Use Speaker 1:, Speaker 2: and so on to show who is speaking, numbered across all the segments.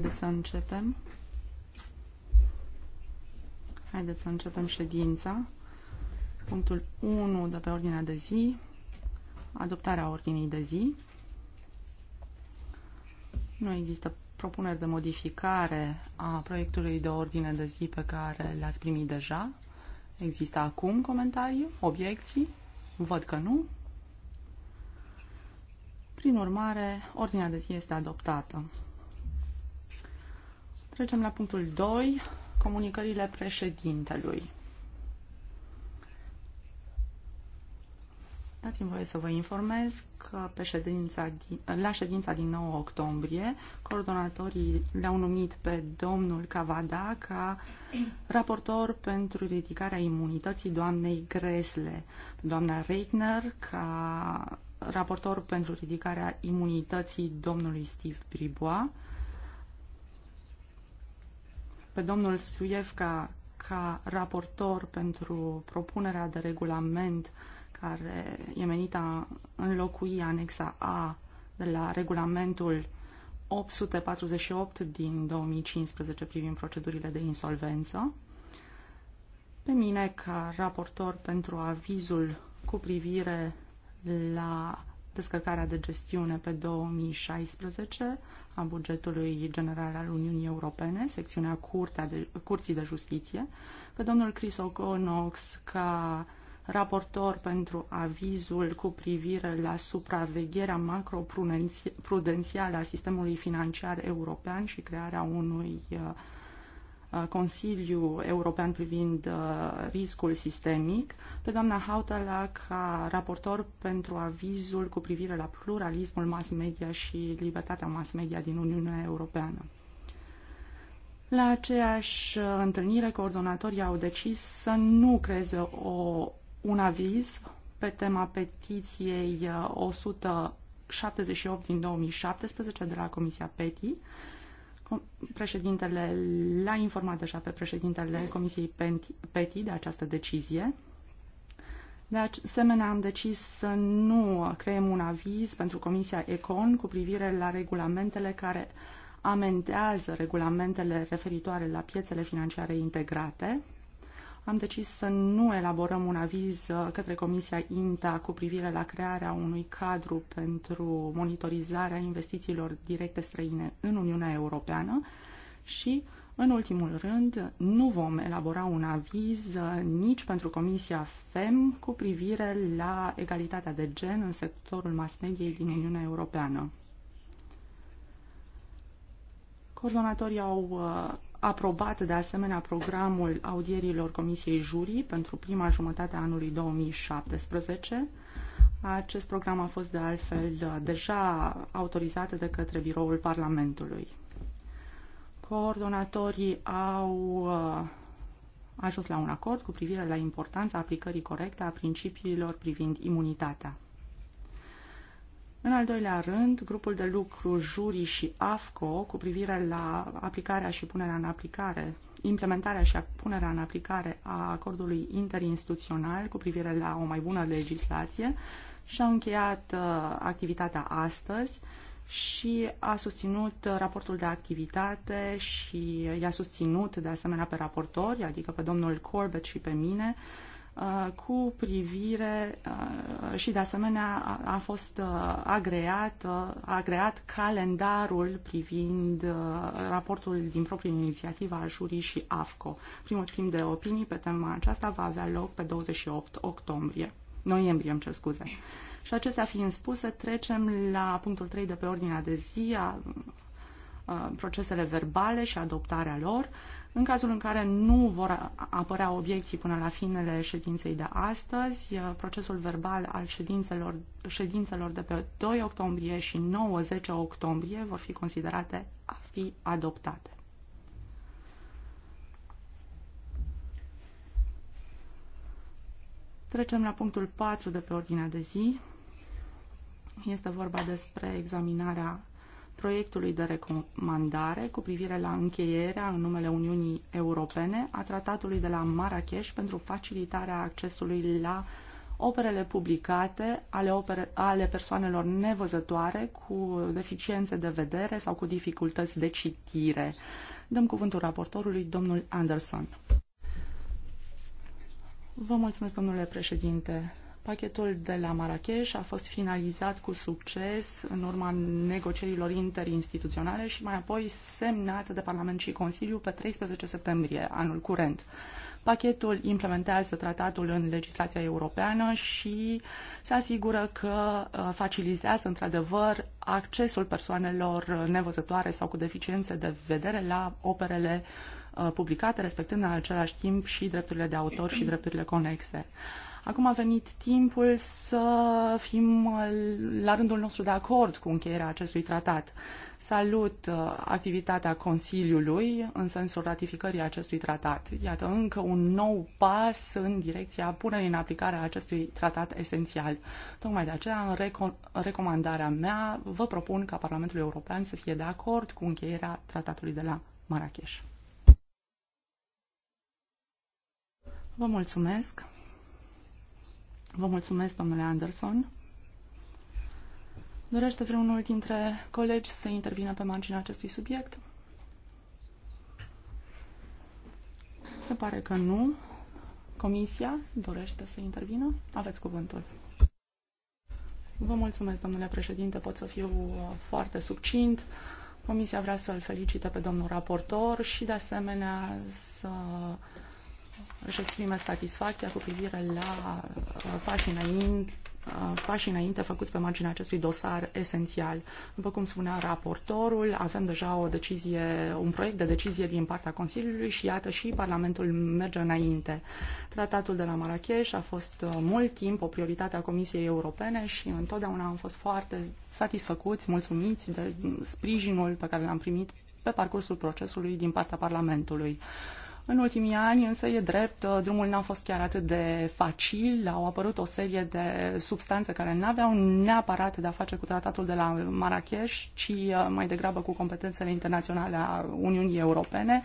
Speaker 1: Haideți să începem. Haideți să începem ședința. Punctul 1 de pe ordinea de zi, adoptarea ordinii de zi. Nu există propuneri de modificare a proiectului de ordine de zi pe care le-ați primit deja. Există acum comentarii, obiecții? Văd că nu. Prin urmare, ordinea de zi este adoptată. Trecem la punctul 2, comunicările președintelui. Dați-mi voie să vă informez că pe ședința din, la ședința din 9 octombrie, coordonatorii le-au numit pe domnul Cavada ca raportor pentru ridicarea imunității doamnei Gresle, doamna Reitner ca raportor pentru ridicarea imunității domnului Steve Bribois, pe domnul Suievca ca raportor pentru propunerea de regulament care e menită a înlocui anexa A de la regulamentul 848 din 2015 privind procedurile de insolvență. Pe mine, ca raportor pentru avizul cu privire la descărcarea de gestiune pe 2016, a bugetului general al Uniunii Europene, secțiunea de, Curții de Justiție, pe domnul Chris O'Conox ca raportor pentru avizul cu privire la supravegherea macroprudențială a sistemului financiar european și crearea unui uh, Uh, Consiliu European privind uh, riscul sistemic, pe doamna Hautala ca raportor pentru avizul cu privire la pluralismul mass media și libertatea mass media din Uniunea Europeană. La aceeași uh, întâlnire, coordonatorii au decis să nu creeze o, un aviz pe tema petiției 178 din 2017 de la Comisia PETI, Președintele l-a informat deja pe președintele Comisiei PETI de această decizie. De asemenea, am decis să nu creăm un aviz pentru Comisia ECON cu privire la regulamentele care amendează regulamentele referitoare la piețele financiare integrate am decis să nu elaborăm un aviz uh, către Comisia INTA cu privire la crearea unui cadru pentru monitorizarea investițiilor directe străine în Uniunea Europeană și, în ultimul rând, nu vom elabora un aviz uh, nici pentru Comisia FEM cu privire la egalitatea de gen în sectorul mass-mediei din Uniunea Europeană coordonatorii au uh, aprobat de asemenea programul audierilor Comisiei Jurii pentru prima jumătate a anului 2017. Acest program a fost de altfel deja autorizat de către biroul Parlamentului. Coordonatorii au uh, ajuns la un acord cu privire la importanța aplicării corecte a principiilor privind imunitatea. În al doilea rând, grupul de lucru Juri și AFCO cu privire la aplicarea și punerea în aplicare, implementarea și punerea în aplicare a acordului interinstituțional cu privire la o mai bună legislație și a încheiat uh, activitatea astăzi și a susținut uh, raportul de activitate și i-a susținut de asemenea pe raportori, adică pe domnul Corbett și pe mine, uh, Uh, cu privire uh, și de asemenea a fost uh, agreat, agreat calendarul privind raportul din propria inițiativă a jurii și AFCO. Primul schimb de opinii pe tema aceasta va avea loc pe 28 octombrie, noiembrie, îmi cer scuze. Și acestea fiind spuse, trecem la punctul 3 de pe ordinea de zi, a, procesele verbale și adoptarea lor. În cazul în care nu vor apărea obiecții până la finele ședinței de astăzi, eh, procesul verbal al ședințelor, ședințelor de pe 2 octombrie și 9-10 octombrie vor fi considerate a fi adoptate. Trecem la punctul 4 de pe ordinea de zi. Este vorba despre examinarea proiectului de recomandare cu privire la încheierea în numele Uniunii Europene a tratatului de la Marrakesh pentru facilitarea accesului la operele publicate ale, opere, ale persoanelor nevăzătoare cu deficiențe de vedere sau cu dificultăți de citire. Dăm cuvântul raportorului, domnul Anderson. Vă mulțumesc, domnule președinte. Pachetul de la Marrakesh a fost finalizat cu succes în urma negocierilor interinstituționale și mai apoi semnat de Parlament și Consiliu pe 13 septembrie anul curent. Pachetul implementează tratatul în legislația europeană și se asigură că uh, facilitează într-adevăr accesul persoanelor nevăzătoare sau cu deficiențe de vedere la operele uh, publicate, respectând în același timp și drepturile de autor și drepturile conexe. Acum a venit timpul să fim la rândul nostru de acord cu încheierea acestui tratat. Salut uh, activitatea Consiliului în sensul ratificării acestui tratat. Iată încă un nou pas în direcția punerii în aplicare a acestui tratat esențial. Tocmai de aceea, în reco- recomandarea mea, vă propun ca Parlamentul European să fie de acord cu încheierea tratatului de la Marrakesh. Vă mulțumesc. Vă mulțumesc, domnule Anderson. Dorește vreunul dintre colegi să intervină pe marginea acestui subiect? Se pare că nu. Comisia dorește să intervină? Aveți cuvântul. Vă mulțumesc, domnule președinte, pot să fiu uh, foarte succint. Comisia vrea să-l felicite pe domnul raportor și, de asemenea, să își exprime satisfacția cu privire la uh, pașii înainte, uh, pașii înainte făcuți pe marginea acestui dosar esențial. După cum spunea raportorul, avem deja o decizie, un proiect de decizie din partea Consiliului și iată și Parlamentul merge înainte. Tratatul de la Marrakesh a fost uh, mult timp o prioritate a Comisiei Europene și întotdeauna am fost foarte satisfăcuți, mulțumiți de sprijinul pe care l-am primit pe parcursul procesului din partea Parlamentului. În ultimii ani, însă, e drept, uh, drumul n-a fost chiar atât de facil, au apărut o serie de substanțe care n-aveau neapărat de a face cu tratatul de la Marrakesh, ci uh, mai degrabă cu competențele internaționale a Uniunii Europene.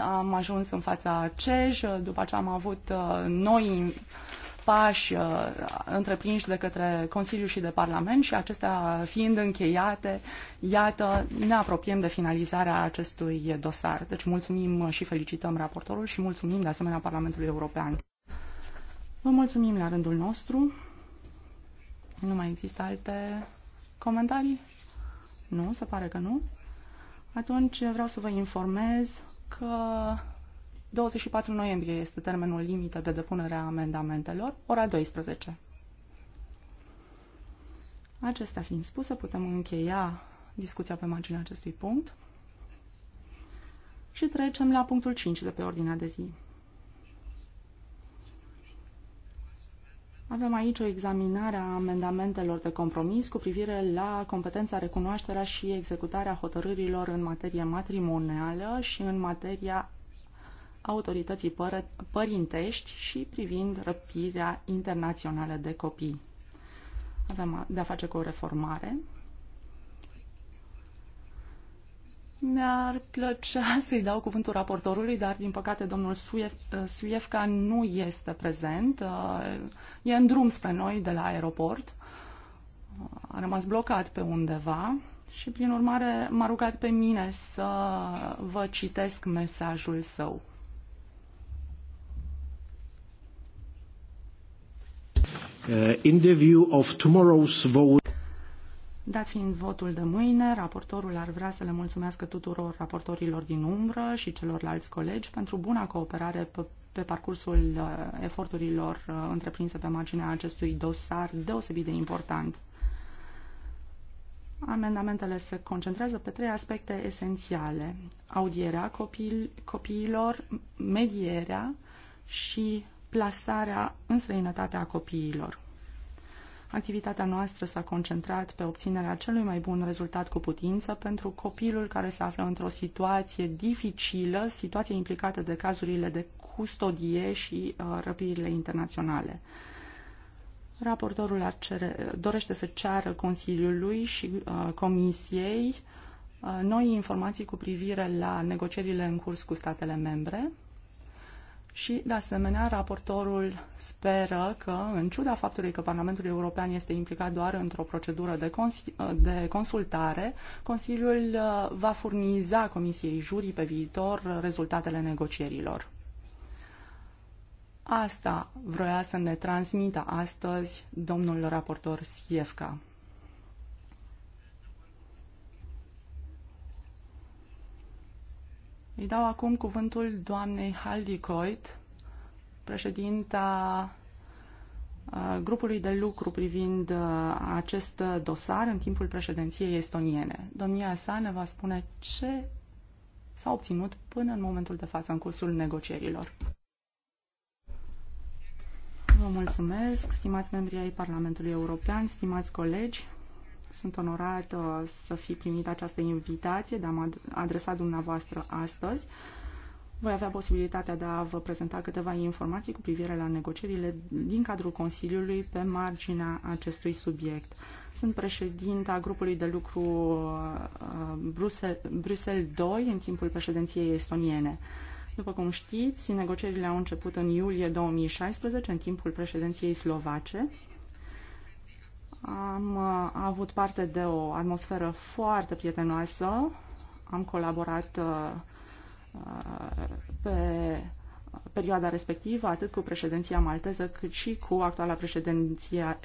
Speaker 1: Am ajuns în fața CEJ, după ce am avut uh, noi pași uh, întreprinși de către Consiliu și de Parlament și acestea fiind încheiate, iată, ne apropiem de finalizarea acestui dosar. Deci mulțumim și felicităm raportorul și mulțumim de asemenea Parlamentului European. Vă mulțumim la rândul nostru. Nu mai există alte comentarii? Nu, se pare că nu. Atunci vreau să vă informez că 24 noiembrie este termenul limită de depunere a amendamentelor, ora 12. Acestea fiind spuse, putem încheia discuția pe marginea acestui punct și trecem la punctul 5 de pe ordinea de zi. Avem aici o examinare a amendamentelor de compromis cu privire la competența, recunoașterea și executarea hotărârilor în materie matrimonială și în materia autorității pără, părintești și privind răpirea internațională de copii. Avem de-a face cu o reformare. Mi-ar plăcea să-i dau cuvântul raportorului, dar din păcate domnul Suiefca nu este prezent. Uh, e în drum spre noi de la aeroport. Uh, a rămas blocat pe undeva și prin urmare m-a rugat pe mine să vă citesc mesajul său.
Speaker 2: Uh, in the view of tomorrow's vote.
Speaker 1: Dat fiind votul de mâine, raportorul ar vrea să le mulțumească tuturor raportorilor din umbră și celorlalți colegi pentru buna cooperare pe, pe parcursul uh, eforturilor uh, întreprinse pe marginea acestui dosar deosebit de important. Amendamentele se concentrează pe trei aspecte esențiale. Audierea copil, copiilor, medierea și plasarea în străinătate a copiilor. Activitatea noastră s-a concentrat pe obținerea celui mai bun rezultat cu putință pentru copilul care se află într-o situație dificilă, situație implicată de cazurile de custodie și uh, răpirile internaționale. Raportorul ar cere, dorește să ceară Consiliului și uh, Comisiei uh, noi informații cu privire la negocierile în curs cu statele membre, și, de asemenea, raportorul speră că, în ciuda faptului că Parlamentul European este implicat doar într-o procedură de, cons- de consultare, Consiliul uh, va furniza Comisiei Jurii pe viitor rezultatele negocierilor. Asta vroia să ne transmită astăzi domnul raportor Siefka. Îi dau acum cuvântul doamnei Haldicoit, președinta uh, grupului de lucru privind uh, acest dosar în timpul președinției estoniene. Domnia sa ne va spune ce s-a obținut până în momentul de față în cursul negocierilor. Vă mulțumesc, stimați membri ai Parlamentului European, stimați colegi. Sunt onorată uh, să fi primit această invitație de a mă adresa dumneavoastră astăzi. Voi avea posibilitatea de a vă prezenta câteva informații cu privire la negocierile din cadrul Consiliului pe marginea acestui subiect. Sunt președinta grupului de lucru uh, Bruxelles, Bruxelles 2 în timpul președinției estoniene. După cum știți, negocierile au început în iulie 2016, în timpul președinției slovace. Am uh, avut parte de o atmosferă foarte prietenoasă, am colaborat uh, uh, pe perioada respectivă, atât cu președinția malteză, cât și cu actuala președinție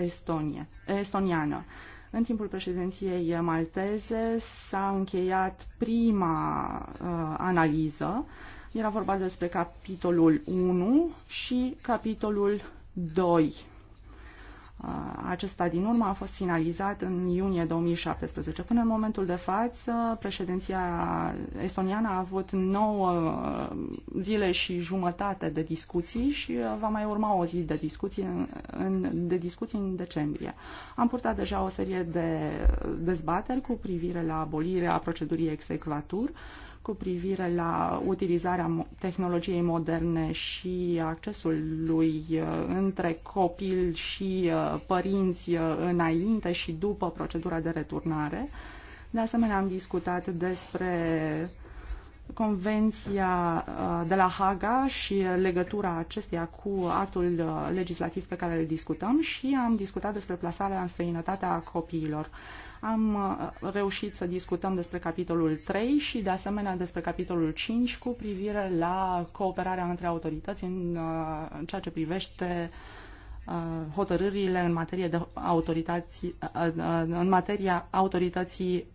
Speaker 1: estoniană. În timpul președinției malteze s-a încheiat prima uh, analiză. Era vorba despre capitolul 1 și capitolul 2. Uh, acesta din urmă a fost finalizat în iunie 2017. Până în momentul de față, președinția estoniană a avut 9 zile și jumătate de discuții și uh, va mai urma o zi de discuții în, de discuții în decembrie. Am purtat deja o serie de dezbateri cu privire la abolirea procedurii execvatur, cu privire la utilizarea tehnologiei moderne și accesul lui uh, între copil și uh, părinți uh, înainte și după procedura de returnare. De asemenea, am discutat despre Convenția uh, de la Haga și legătura acesteia cu actul uh, legislativ pe care îl discutăm și am discutat despre plasarea în străinătate a copiilor. Am uh, reușit să discutăm despre capitolul 3 și de asemenea despre capitolul 5 cu privire la cooperarea între autorități în ceea ce privește hotărârile în materie de autorități, în materia autorității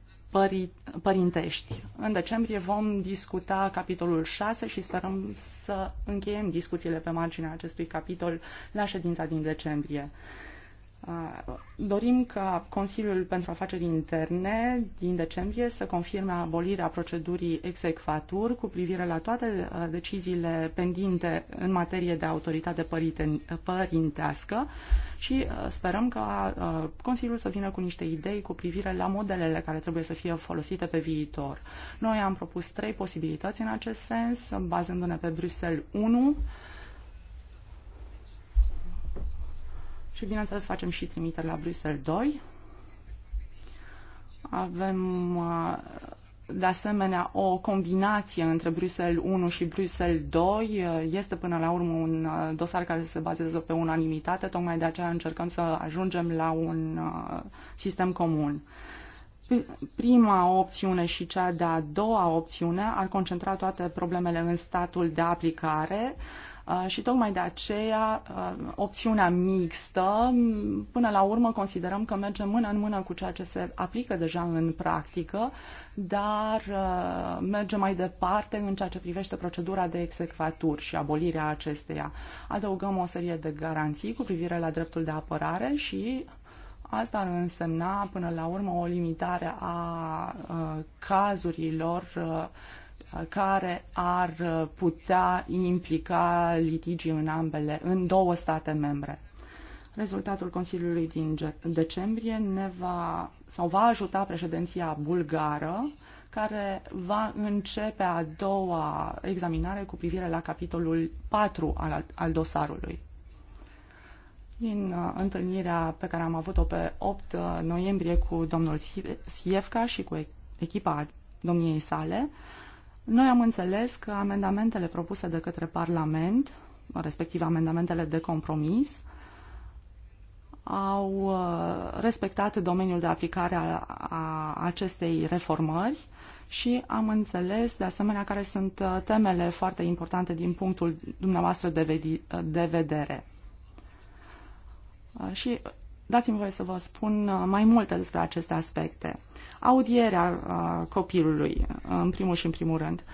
Speaker 1: părintești. În decembrie vom discuta capitolul 6 și sperăm să încheiem discuțiile pe marginea acestui capitol la ședința din decembrie. Uh, dorim ca Consiliul pentru Afaceri Interne din decembrie să confirme abolirea procedurii execvatur cu privire la toate uh, deciziile pendinte în materie de autoritate părintească și uh, sperăm ca Consiliul să vină cu niște idei cu privire la modelele care trebuie să fie folosite pe viitor. Noi am propus trei posibilități în acest sens, bazându-ne pe Bruxelles 1, și, bineînțeles, facem și trimiteri la Bruxelles 2. Avem, uh, de asemenea, o combinație între Bruxelles 1 și Bruxelles 2. Uh, este, până la urmă, un uh, dosar care se bazează pe unanimitate. Tocmai de aceea încercăm să ajungem la un sistem comun prima opțiune și cea de-a doua opțiune ar concentra toate problemele în statul de aplicare și tocmai de aceea opțiunea mixtă, până la urmă considerăm că merge mână în mână cu ceea ce se aplică deja în practică, dar merge mai departe în ceea ce privește procedura de execvaturi și abolirea acesteia. Adăugăm o serie de garanții cu privire la dreptul de apărare și Asta ar însemna până la urmă o limitare a, cazurilor care ar putea implica litigii în ambele, în două state membre. Rezultatul Consiliului din decembrie ne va, sau va ajuta președinția bulgară, care va începe a doua examinare cu privire la capitolul 4 al, al dosarului. Din uh, întâlnirea pe care am avut-o pe 8 uh, noiembrie cu domnul Sievca și cu echipa domniei sale, noi am înțeles că amendamentele propuse de către Parlament, respectiv amendamentele de compromis, au uh, respectat domeniul de aplicare a, a acestei reformări și am înțeles de asemenea care sunt uh, temele foarte importante din punctul dumneavoastră de, uh, de vedere. Și dați-mi voie să vă spun mai multe despre aceste aspecte audierea uh, copilului, în primul și în primul rând.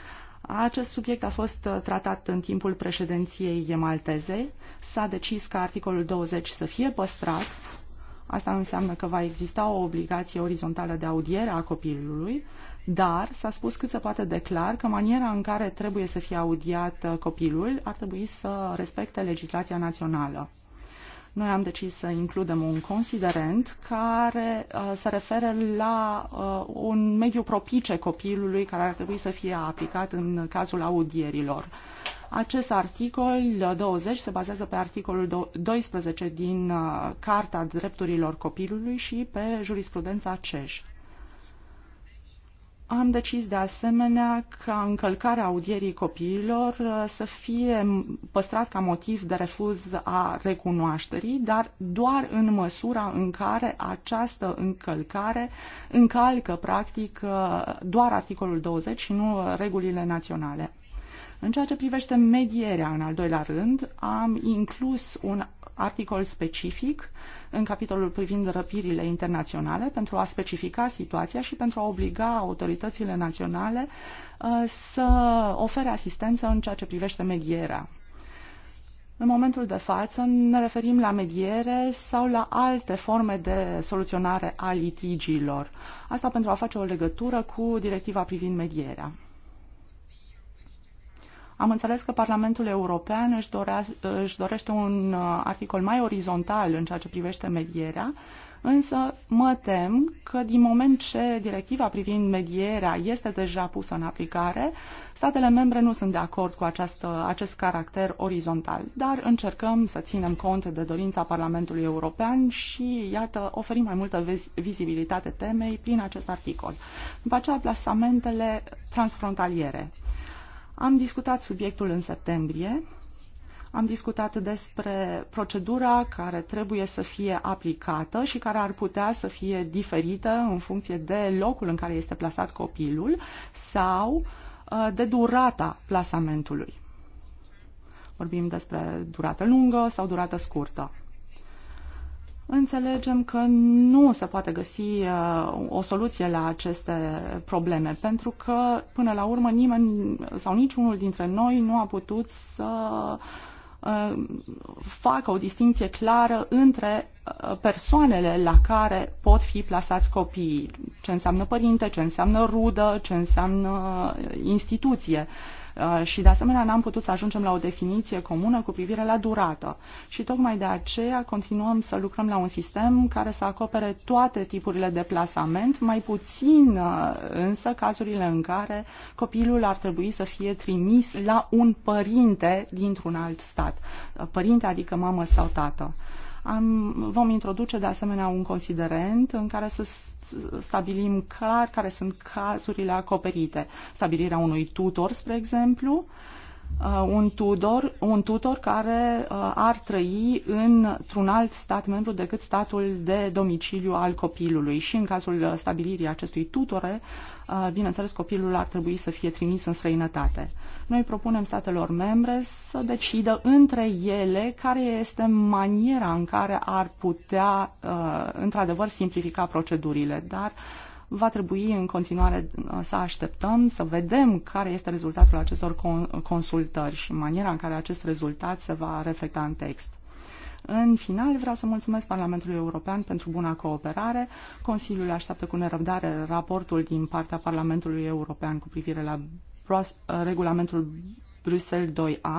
Speaker 1: Acest subiect a fost uh, tratat în timpul președinției malteze. S-a decis ca articolul 20 să fie păstrat. Asta înseamnă că va exista o obligație orizontală de audiere a copilului, dar s-a spus cât se poate declar că maniera în care trebuie să fie audiat uh, copilul ar trebui să respecte legislația națională. Noi am decis să includem un considerent care uh, se referă la uh, un mediu propice copilului care ar trebui să fie aplicat în cazul audierilor. Acest articol 20 uh, se bazează pe articolul 12 din Carta Drepturilor Copilului și pe jurisprudența CEJ. Am decis de asemenea ca încălcarea audierii copiilor uh, să fie păstrat ca motiv de refuz a recunoașterii, dar doar în măsura în care această încălcare încalcă practic uh, doar articolul 20 și nu uh, regulile naționale. În ceea ce privește medierea, în al doilea rând, am inclus un articol specific în capitolul privind răpirile internaționale pentru a specifica situația și pentru a obliga autoritățile naționale uh, să ofere asistență în ceea ce privește medierea. În momentul de față ne referim la mediere sau la alte forme de soluționare a litigiilor. Asta pentru a face o legătură cu directiva privind medierea. Am înțeles că Parlamentul European își, dorea, își dorește un uh, articol mai orizontal în ceea ce privește medierea, însă mă tem că din moment ce directiva privind medierea este deja pusă în aplicare, statele membre nu sunt de acord cu această, acest caracter orizontal, dar încercăm să ținem cont de dorința Parlamentului European și, iată, oferim mai multă vizibilitate temei prin acest articol. După aceea, plasamentele transfrontaliere. Am discutat subiectul în septembrie, am discutat despre procedura care trebuie să fie aplicată și care ar putea să fie diferită în funcție de locul în care este plasat copilul sau uh, de durata plasamentului. Vorbim despre durată lungă sau durată scurtă înțelegem că nu se poate găsi uh, o soluție la aceste probleme, pentru că, până la urmă, nimeni sau niciunul dintre noi nu a putut să uh, facă o distinție clară între uh, persoanele la care pot fi plasați copiii. Ce înseamnă părinte, ce înseamnă rudă, ce înseamnă instituție. Uh, Uh, și de asemenea n-am putut să ajungem la o definiție comună cu privire la durată. Și tocmai de aceea continuăm să lucrăm la un sistem care să acopere toate tipurile de plasament, mai puțin uh, însă cazurile în care copilul ar trebui să fie trimis la un părinte dintr-un alt stat. Uh, părinte adică mamă sau tată. Am, vom introduce de asemenea un considerent în care să stabilim clar care sunt cazurile acoperite. Stabilirea unui tutor, spre exemplu, uh, un tutor, un tutor care uh, ar trăi într-un alt stat membru decât statul de domiciliu al copilului și în cazul stabilirii acestui tutore Ah, bineînțeles, copilul ar trebui să fie trimis în străinătate. Noi propunem statelor membre să decidă între ele care este maniera în care ar putea, ah, într-adevăr, simplifica procedurile, dar va trebui în continuare ah, să așteptăm, să vedem care este rezultatul acestor consultări și maniera în care acest rezultat se va reflecta în text. În final, vreau să mulțumesc Parlamentului European pentru buna cooperare. Consiliul așteaptă cu nerăbdare raportul din partea Parlamentului European cu privire la regulamentul Bruxelles 2A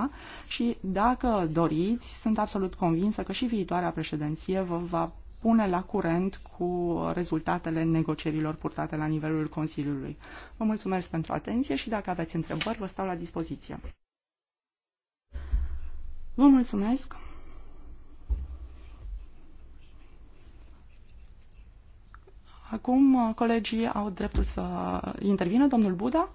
Speaker 1: și, dacă doriți, sunt absolut convinsă că și viitoarea președinție vă va pune la curent cu rezultatele negocierilor purtate la nivelul Consiliului. Vă mulțumesc pentru atenție și dacă aveți întrebări, vă stau la dispoziție. Vă mulțumesc! Acum uh, colegii au dreptul să intervină. Domnul Buda.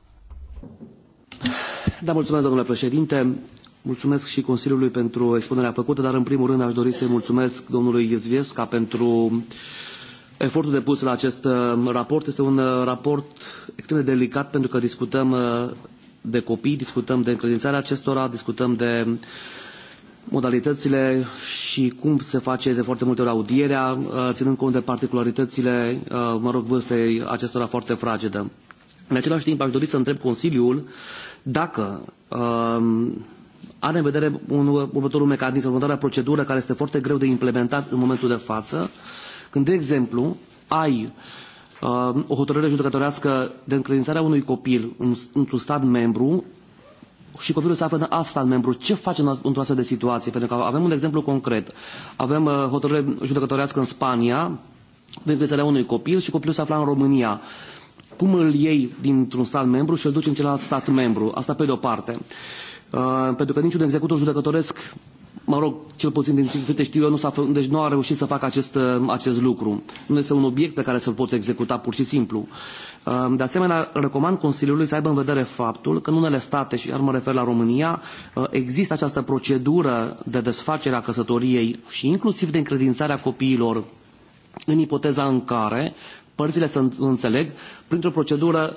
Speaker 3: Da, mulțumesc, domnule președinte. Mulțumesc și Consiliului pentru expunerea făcută, dar în primul rând aș dori să-i mulțumesc domnului Zviesca pentru efortul depus la acest uh, raport. Este un uh, raport extrem de delicat pentru că discutăm de copii, discutăm de încredințarea acestora, discutăm de modalitățile și cum se face de foarte multe ori audierea, uh, ținând cont de particularitățile, uh, mă rog, vârstei acestora foarte fragedă. În același timp, aș dori să întreb Consiliul dacă um, are în vedere un, următorul mecanism, următoarea procedură care este foarte greu de implementat în momentul de față, când, de exemplu, ai um, o hotărâre judecătorească de încredințarea unui copil într-un stat membru, și copilul se află în alt stat membru, ce face într-o astfel de situație? Pentru că avem un exemplu concret. Avem uh, hotărâre judecătorească în Spania, vindecarea unui copil și copilul se afla în România cum îl iei dintr-un stat membru și îl duci în celălalt stat membru. Asta pe de-o parte. Uh, pentru că niciun executor judecătoresc, mă rog, cel puțin din câte știu eu, nu, s-a, deci nu a reușit să facă acest, uh, acest lucru. Nu este un obiect pe care să-l poți executa pur și simplu. Ehm, de asemenea, recomand Consiliului să aibă în vedere faptul că în unele state, și iar mă refer la România, ehm, există această procedură de desfacere a căsătoriei și inclusiv de încredințarea copiilor în ipoteza în care părțile se înțeleg printr-o procedură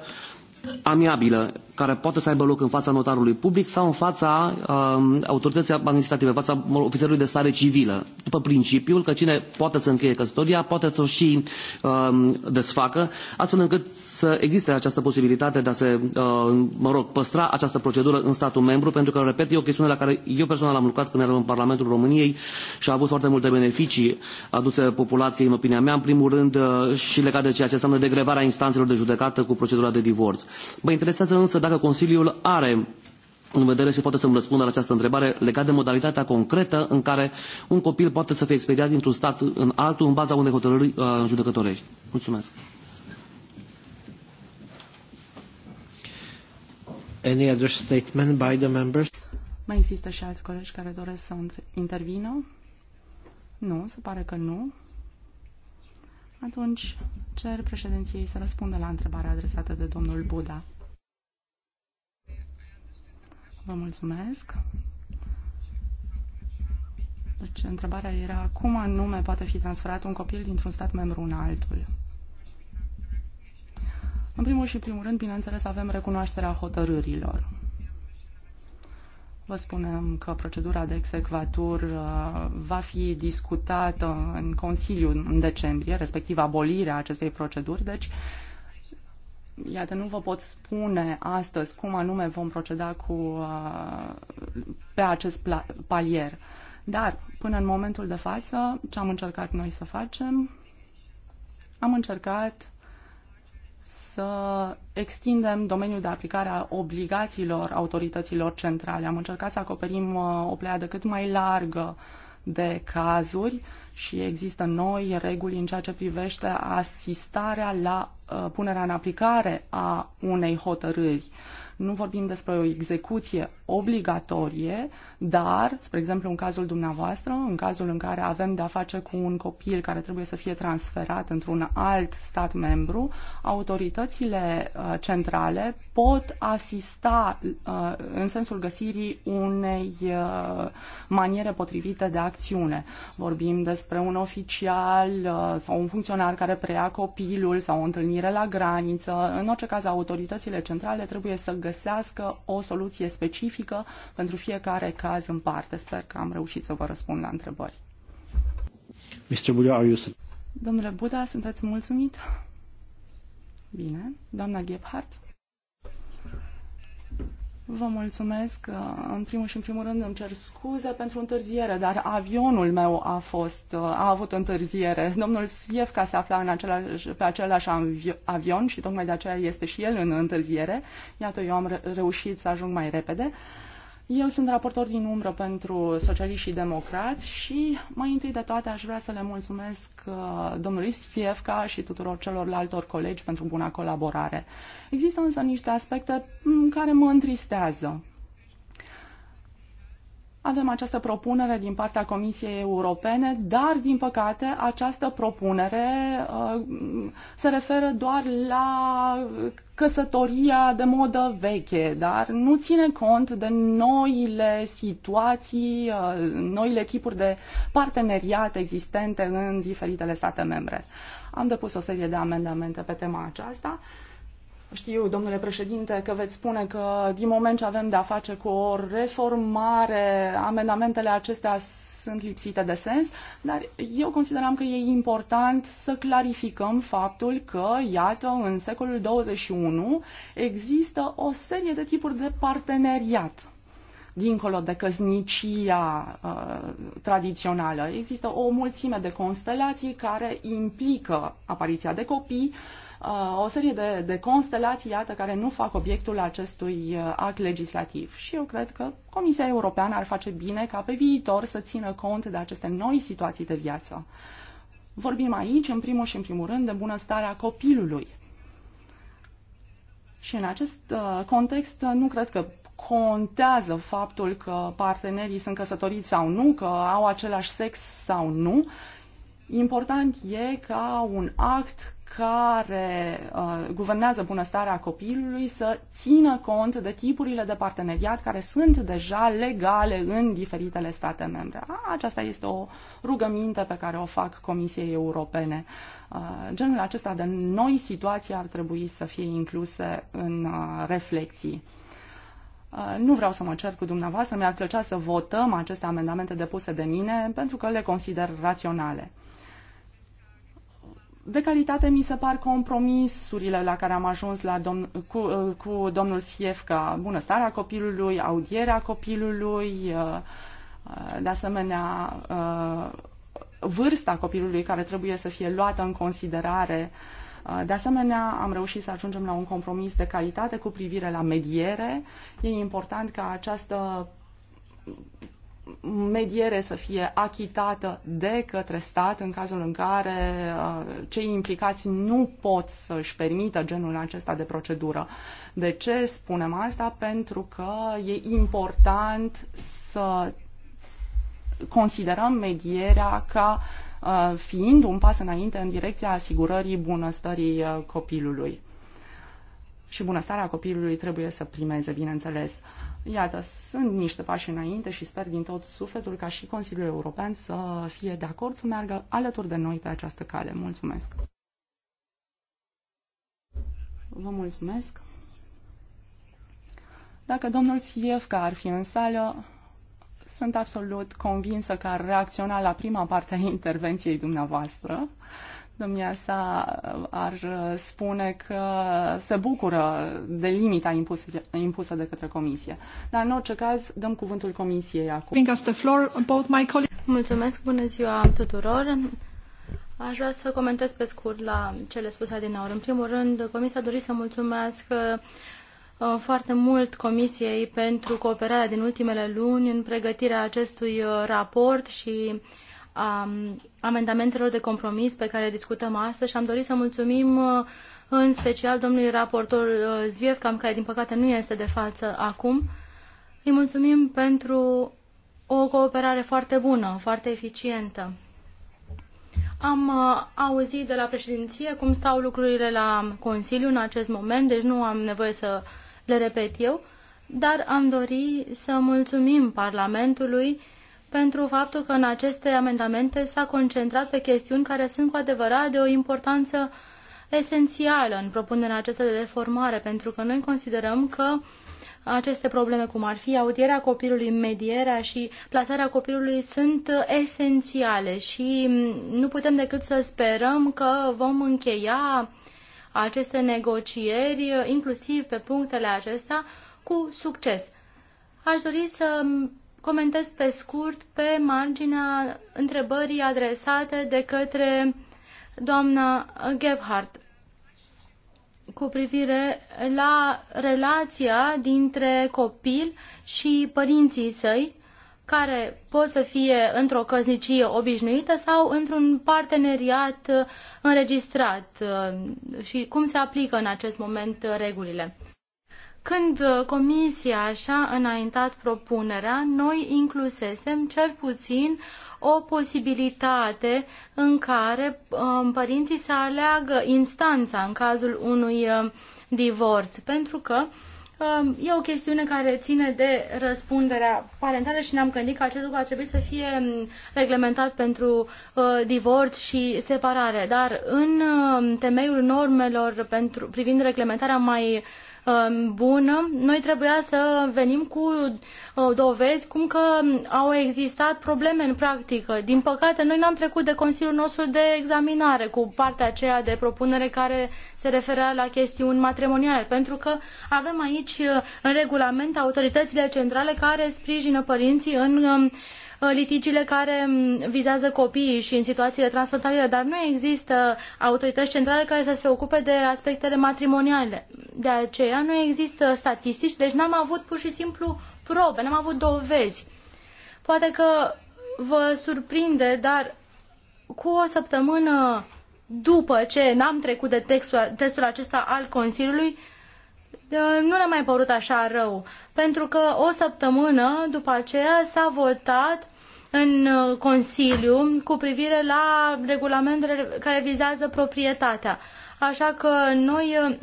Speaker 3: amiabilă care poate să aibă loc în fața notarului public sau în fața uh, autorității administrative, în fața ofițerului de stare civilă, după principiul că cine poate să încheie căsătoria, poate să o și uh, desfacă, astfel încât să existe această posibilitate de a se, uh, mă rog, păstra această procedură în statul membru, pentru că, repet, e o chestiune la care eu personal am lucrat când eram în Parlamentul României și a avut foarte multe beneficii aduse populației, în opinia mea, în primul rând, uh, și legat de ceea ce înseamnă degrevarea instanțelor de judecată cu procedura de divorț. Mă interesează însă dacă Consiliul are în vedere și poate să-mi răspundă la această întrebare legat de modalitatea concretă în care un copil poate să fie expediat dintr-un stat în altul în baza unei hotărâri uh, judecătorești. Mulțumesc. Any other
Speaker 2: statement by the members?
Speaker 1: Mai există și alți colegi care doresc să intervină? Nu, se pare că nu. Atunci cer președinției să răspundă la întrebarea adresată de domnul Buda. Vă mulțumesc. Deci, întrebarea era cum anume poate fi transferat un copil dintr-un stat membru în altul. În primul și primul rând, bineînțeles, avem recunoașterea hotărârilor. Vă spunem că procedura de execvatur uh, va fi discutată în Consiliu în decembrie, respectiv abolirea acestei proceduri, deci Iată, nu vă pot spune astăzi cum anume vom proceda cu, uh, pe acest palier. Dar, până în momentul de față, ce am încercat noi să facem? Am încercat să extindem domeniul de aplicare a obligațiilor autorităților centrale. Am încercat să acoperim uh, o pleiadă cât mai largă de cazuri uh, și există noi reguli în ceea ce privește asistarea la uh, punerea în aplicare a unei hotărâri. Nu vorbim despre o execuție obligatorie, dar, spre exemplu, în cazul dumneavoastră, în cazul în care avem de-a face cu un copil care trebuie să fie transferat într-un alt stat membru, autoritățile uh, centrale pot asista uh, în sensul găsirii unei uh, maniere potrivite de acțiune. Vorbim despre un oficial sau un funcționar care preia copilul sau o întâlnire la graniță. În orice caz, autoritățile centrale trebuie să găsească o soluție specifică specifică pentru fiecare caz în parte. Sper că am reușit să vă răspund la întrebări.
Speaker 2: Mr. Buda, are you...
Speaker 1: Domnule Buda, sunteți mulțumit? Bine. Doamna Gebhardt? Vă mulțumesc. În primul și în primul rând îmi cer scuze pentru întârziere, dar avionul meu a fost, a avut întârziere. Domnul Sievca se afla în același, pe același avion și tocmai de aceea este și el în întârziere. Iată, eu am reușit să ajung mai repede. Uh, eu sunt raportor din umbră pentru socialiști și democrați și mai întâi de toate aș vrea să le mulțumesc uh, domnului Sfievca și tuturor celorlaltor colegi pentru buna colaborare. Există însă niște aspecte mm, care mă întristează. Avem această propunere din partea Comisiei Europene, dar, din păcate, această propunere uh, se referă doar la căsătoria de modă veche, dar nu ține cont de noile situații, uh, noile tipuri de parteneriat existente în diferitele state membre. Am depus o serie de amendamente pe tema aceasta. Uh, știu, domnule președinte, că veți spune că din moment ce avem de-a face cu o reformare, amendamentele acestea sunt lipsite de sens, dar eu consideram că e important să clarificăm faptul că, iată, în secolul 21 există o serie de tipuri de parteneriat dincolo de căsnicia uh, tradițională. Există o mulțime de constelații care implică apariția de copii, uh, uh, o serie de, de constelații, iată, care nu fac obiectul acestui uh, act legislativ. Și eu cred că Comisia Europeană ar face bine ca pe viitor să țină cont de aceste noi situații de viață. Vorbim aici, în primul și în primul rând, de bunăstarea copilului. Și în acest uh, context uh, nu cred că contează faptul că partenerii sunt căsătoriți sau nu, că au același sex sau nu. Important e ca un act care uh, guvernează bunăstarea copilului să țină cont de tipurile de parteneriat care sunt deja legale în diferitele state membre. Aceasta este o rugăminte pe care o fac Comisiei Europene. Uh, genul acesta de noi situații ar trebui să fie incluse în uh, reflexii. Uh, nu vreau să mă cer cu dumneavoastră, mi-ar plăcea să votăm aceste amendamente depuse de mine pentru că le consider raționale. De calitate mi se par compromisurile la care am ajuns la domn, cu, uh, cu domnul Siefca, bunăstarea copilului, audierea copilului, uh, uh, de asemenea vârsta copilului care trebuie să fie luată în considerare. De asemenea, am reușit să ajungem la un compromis de calitate cu privire la mediere. E important ca această mediere să fie achitată de către stat în cazul în care uh, cei implicați nu pot să-și permită genul acesta de procedură. De ce spunem asta? Pentru că e important să considerăm medierea ca uh, fiind un pas înainte în direcția asigurării bunăstării uh, copilului. Și bunăstarea copilului trebuie să primeze, bineînțeles. Uh, Iată, sunt niște pași înainte și sper din tot sufletul ca și Consiliul European să fie de acord să meargă alături de noi pe această cale. Mulțumesc! Vă mulțumesc! Dacă domnul Sievca ar fi în sală, sunt absolut convinsă că ar reacționa la prima parte a intervenției dumneavoastră. Uh, Domnia sa uh, ar uh, spune că se bucură de limita impusă, impusă de către comisie. Dar în orice caz, dăm cuvântul comisiei acum. Mulțumesc,
Speaker 4: bună ziua tuturor. Aș vrea să comentez pe scurt la cele spuse din aur. În primul rând, comisia a dorit să mulțumesc uh, foarte mult Comisiei pentru cooperarea din ultimele luni în pregătirea acestui raport și uh, a amendamentelor de compromis pe care discutăm astăzi și am dorit să mulțumim uh, în special domnului raportor uh, Zviefcam, care din păcate nu este de față acum. Îi mulțumim pentru o cooperare foarte bună, foarte eficientă. Am uh, auzit de la președinție cum stau lucrurile la Consiliu în acest moment, deci nu am nevoie să le repet eu, dar am dori să mulțumim Parlamentului pentru faptul că în aceste amendamente s-a concentrat pe chestiuni care sunt cu adevărat de o importanță esențială în propunerea aceasta de reformare, pentru că noi considerăm că aceste probleme, cum ar fi audierea copilului, medierea și plasarea copilului, sunt esențiale și nu putem decât să sperăm că vom încheia aceste negocieri, inclusiv pe punctele acestea, cu succes. Aș dori să comentez pe scurt pe marginea întrebării adresate de către doamna Gebhardt cu privire la relația dintre copil și părinții săi, care pot să fie într-o căsnicie obișnuită sau într-un parteneriat înregistrat uh, și cum se aplică în acest moment uh, regulile. Când uh, comisia și-a înaintat propunerea, noi inclusesem cel puțin o posibilitate în care um, părinții să aleagă instanța în cazul unui uh, divorț, pentru că uh, Um, e o chestiune care ține de răspunderea parentală și ne-am gândit că acest lucru ar trebui să fie um, reglementat pentru uh, divorț și separare. Dar în um, temeiul normelor pentru, privind reglementarea mai bună, noi trebuia să venim cu uh, dovezi cum că au existat probleme în practică. Din păcate, noi n-am trecut de Consiliul nostru de examinare cu partea aceea de propunere care se referea la chestiuni matrimoniale, pentru că avem aici aici uh, în regulament autoritățile centrale care sprijină părinții în um, uh, litigiile care um, vizează copiii și în situațiile transfrontaliere, dar nu există autorități centrale care să se ocupe de aspectele matrimoniale. De aceea nu există statistici, deci n-am avut pur și simplu probe, n-am avut dovezi. Poate că vă surprinde, dar cu o săptămână după ce n-am trecut de textul, testul acesta al Consiliului, nu ne-a mai părut așa rău, pentru că o săptămână după aceea s-a votat în uh, Consiliu cu privire la regulamentele care vizează proprietatea. Așa că noi uh,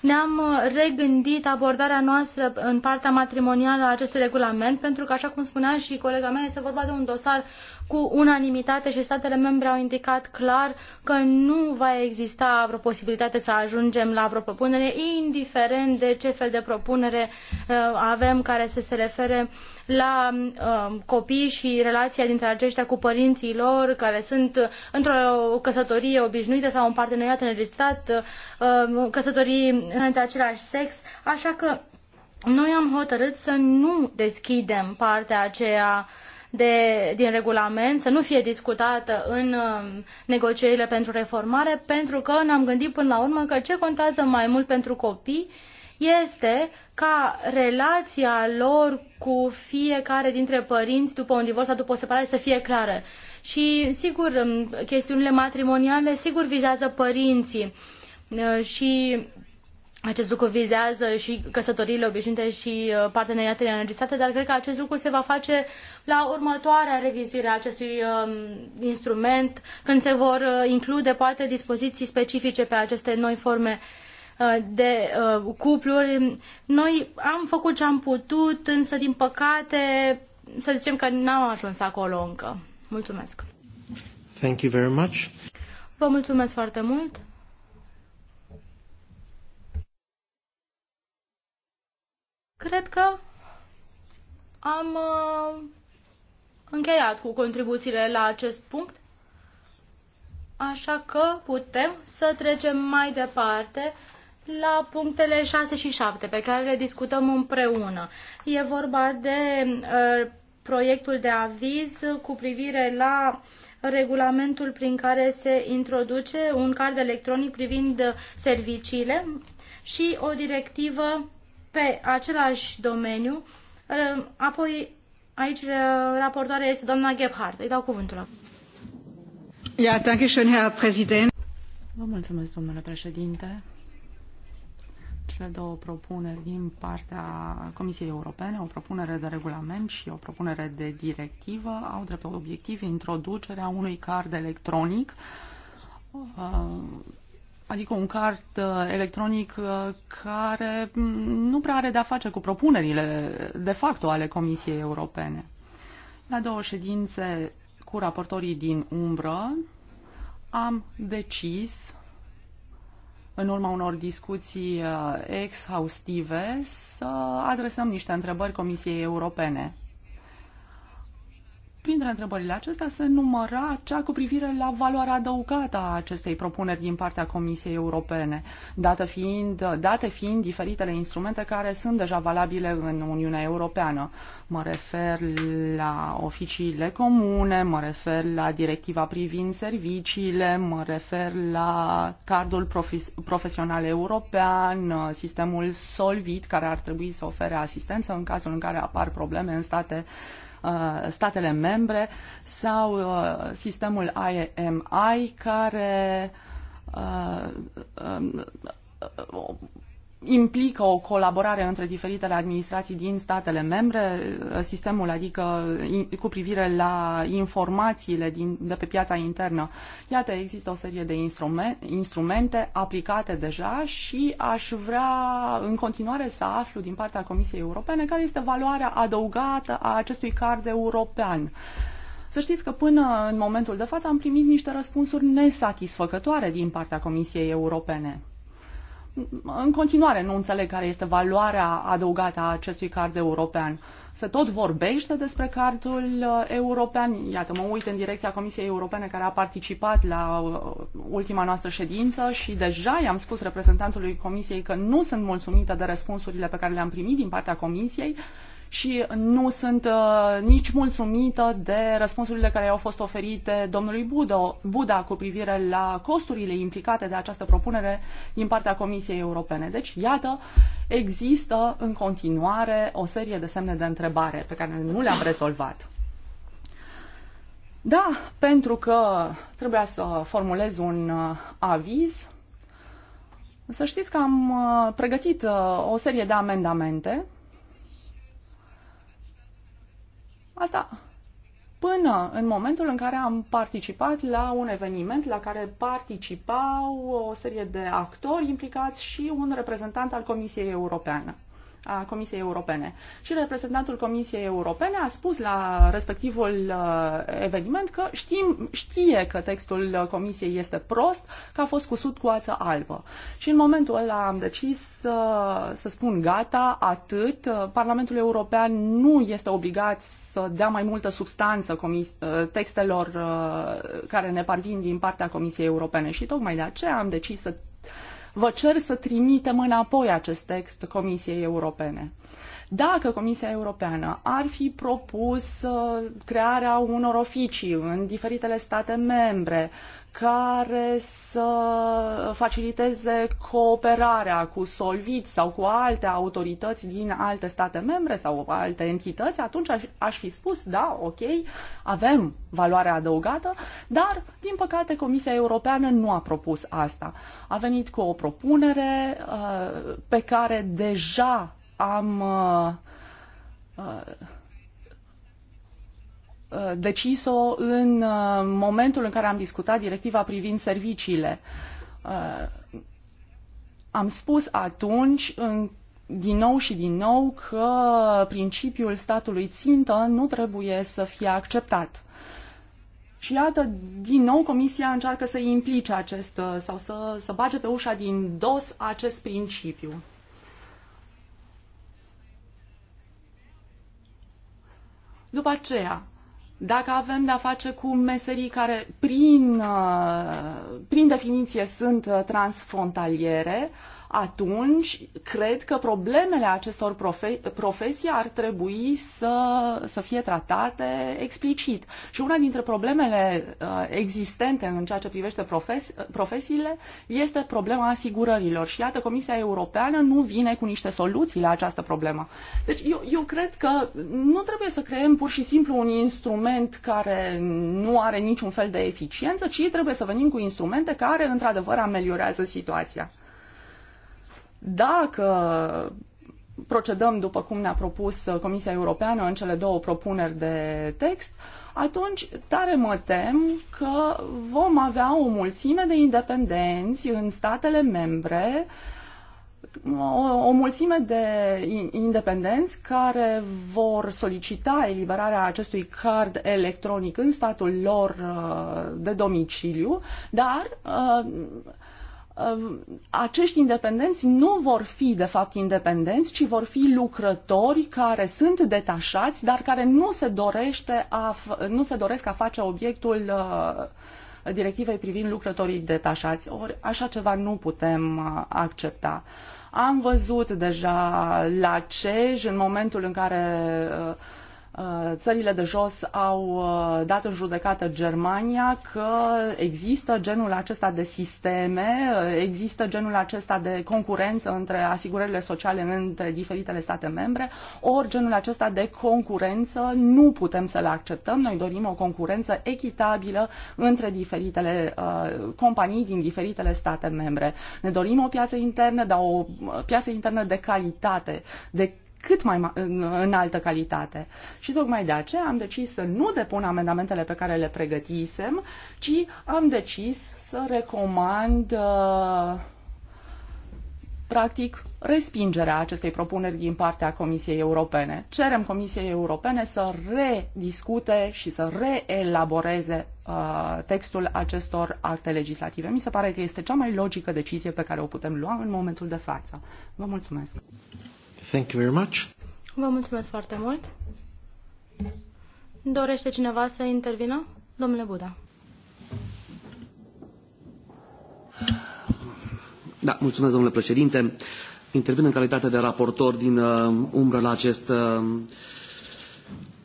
Speaker 4: ne-am uh, regândit abordarea noastră în partea matrimonială a acestui regulament, pentru că, așa cum spunea și colega mea, este vorba de un dosar cu unanimitate și statele membre au indicat clar că nu va exista vreo posibilitate să ajungem la vreo propunere, indiferent de ce fel de propunere uh, avem care să se refere la uh, copii și relația dintre aceștia cu părinții lor, care sunt într-o căsătorie obișnuită sau un parteneriat înregistrat, uh, căsătorii între același sex, așa că noi am hotărât să nu deschidem partea aceea de, din regulament să nu fie discutată în um, negocierile pentru reformare, pentru că ne-am gândit până la urmă că ce contează mai mult pentru copii este ca relația lor cu fiecare dintre părinți după un divorț sau după o separare să fie clară. Și, sigur, um, chestiunile matrimoniale, sigur, vizează părinții uh, și acest lucru vizează și căsătoriile obișnuite și uh, parteneriatele înregistrate, dar cred că acest lucru se va face la următoarea revizuire a acestui um, instrument, când se vor uh, include poate dispoziții specifice pe aceste noi forme uh, de cupluri. Noi am făcut ce am putut, însă din păcate să zicem că n-am ajuns acolo încă. Mulțumesc!
Speaker 2: Thank you very much.
Speaker 4: Vă mulțumesc foarte mult! Cred că am uh, încheiat cu contribuțiile la acest punct, așa că putem să trecem mai departe la punctele 6 și 7 pe care le discutăm împreună. E vorba de uh, proiectul de aviz cu privire la regulamentul prin care se introduce un card electronic privind serviciile și o directivă pe același domeniu. Apoi, aici, raportoarea este doamna Gebhardt. Îi dau cuvântul la.
Speaker 2: Ja, danke schön, Herr Präsident.
Speaker 1: Vă mulțumesc, domnule președinte. Cele două propuneri din partea Comisiei Europene, o propunere de regulament și o propunere de directivă, au drept obiectiv introducerea unui card electronic uh, adică un card uh, electronic uh, care mm, nu prea are de-a face cu propunerile de facto ale Comisiei Europene. La două ședințe cu raportorii din umbră am decis în urma unor discuții uh, exhaustive, să adresăm niște întrebări Comisiei Europene. Printre întrebările acestea se număra cea cu privire la valoarea adăugată a acestei propuneri din partea Comisiei Europene, date fiind, date fiind diferitele instrumente care sunt deja valabile în Uniunea Europeană. Mă refer la oficiile comune, mă refer la directiva privind serviciile, mă refer la cardul profes- profesional european, sistemul Solvit, care ar trebui să ofere asistență în cazul în care apar probleme în state Uh, statele membre sau uh, sistemul IMI care uh, um, implică o colaborare între diferitele administrații din statele membre, uh, sistemul adică cu privire la informațiile din, de pe piața internă. Iată, există o serie de instrumente aplicate deja și aș vrea în continuare să aflu din partea Comisiei Europene care este valoarea adăugată a acestui card european. Să știți că până în momentul de față am primit niște răspunsuri nesatisfăcătoare din partea Comisiei Europene în continuare nu înțeleg care este valoarea adăugată a acestui card european. Se tot vorbește despre cardul uh, european. Iată, mă uit în direcția Comisiei Europene care a participat la uh, ultima noastră ședință și deja i-am spus reprezentantului Comisiei că nu sunt mulțumită de răspunsurile pe care le-am primit din partea Comisiei și nu sunt uh, nici mulțumită de răspunsurile care au fost oferite domnului Budo, Buda cu privire la costurile implicate de această propunere din partea Comisiei Europene. Deci, iată, există în continuare o serie de semne de întrebare pe care nu le-am rezolvat. Da, pentru că trebuia să formulez un uh, aviz. Să știți că am uh, pregătit o serie de amendamente Asta până în momentul în care am participat la un eveniment la care participau o serie de actori implicați și un reprezentant al Comisiei Europeană a Comisiei Europene. Și reprezentantul Comisiei Europene a spus la respectivul uh, eveniment că știm, știe că textul Comisiei este prost, că a fost cusut cu ață albă. Și în momentul ăla am decis să, să spun gata, atât. Parlamentul European nu este obligat să dea mai multă substanță comis- uh, textelor uh, care ne parvin din partea Comisiei Europene și tocmai de aceea am decis să Vă cer să trimitem înapoi acest text Comisiei Europene. Dacă Comisia Europeană ar fi propus uh, crearea unor oficii în diferitele state membre, care să faciliteze cooperarea cu Solvit sau cu alte autorități din alte state membre sau alte entități, atunci aș, aș fi spus, da, ok, avem valoare adăugată, dar, din păcate, Comisia Europeană nu a propus asta. A venit cu o propunere uh, pe care deja am uh, uh, uh, decis-o în momentul în care am discutat directiva privind serviciile. Am spus atunci în din nou și din nou că principiul statului țintă nu trebuie să fie acceptat. Și iată, din nou Comisia încearcă să implice acest sau să, să bage pe ușa din dos acest principiu. După aceea, dacă avem de-a face cu meserii care, prin, uh, prin definiție, sunt uh, transfrontaliere, uh, atunci cred că problemele acestor profe- profesii ar trebui să, să fie tratate explicit. Și una dintre problemele uh, existente în ceea ce privește profes- profesiile este problema asigurărilor. Și iată, Comisia Europeană nu vine cu niște soluții la această problemă. Deci eu, eu cred că nu trebuie să creăm pur și simplu un instrument care nu are niciun fel de eficiență, ci trebuie să venim cu instrumente care, într-adevăr, ameliorează situația. Dacă procedăm după cum ne-a propus Comisia Europeană în cele două propuneri de text, atunci tare mă tem că vom avea o mulțime de independenți în statele membre, o, o mulțime de independenți care vor solicita eliberarea acestui card electronic în statul lor uh, de domiciliu, dar uh, Uh, acești independenți nu vor fi, de fapt, independenți, ci vor fi lucrători care sunt detașați, dar care nu se, dorește a, nu se doresc a face obiectul uh, directivei privind lucrătorii detașați. Or, așa ceva nu putem uh, accepta. Am văzut deja la CEJ, în momentul în care uh, Uh, țările de jos au uh, dat în judecată Germania că există genul acesta de sisteme, uh, există genul acesta de concurență între asigurările sociale între diferitele state membre, ori genul acesta de concurență nu putem să-l acceptăm. Noi dorim o concurență echitabilă între diferitele uh, companii din diferitele state membre. Ne dorim o piață internă, dar o piață internă de calitate, de cât mai înaltă calitate. Și tocmai de aceea am decis să nu depun amendamentele pe care le pregătisem, ci am decis să recomand uh, practic respingerea acestei propuneri din partea Comisiei Europene. Cerem Comisiei Europene să rediscute și să reelaboreze uh, textul acestor acte legislative. Mi se pare că este cea mai logică decizie pe care o putem lua în momentul de față. Vă mulțumesc!
Speaker 2: Thank you very much.
Speaker 1: Vă mulțumesc foarte
Speaker 4: mult. Dorește cineva să intervină? Domnule Buda.
Speaker 3: Da, mulțumesc, domnule președinte. Intervin în calitate de raportor din uh, umbră la, acest, uh,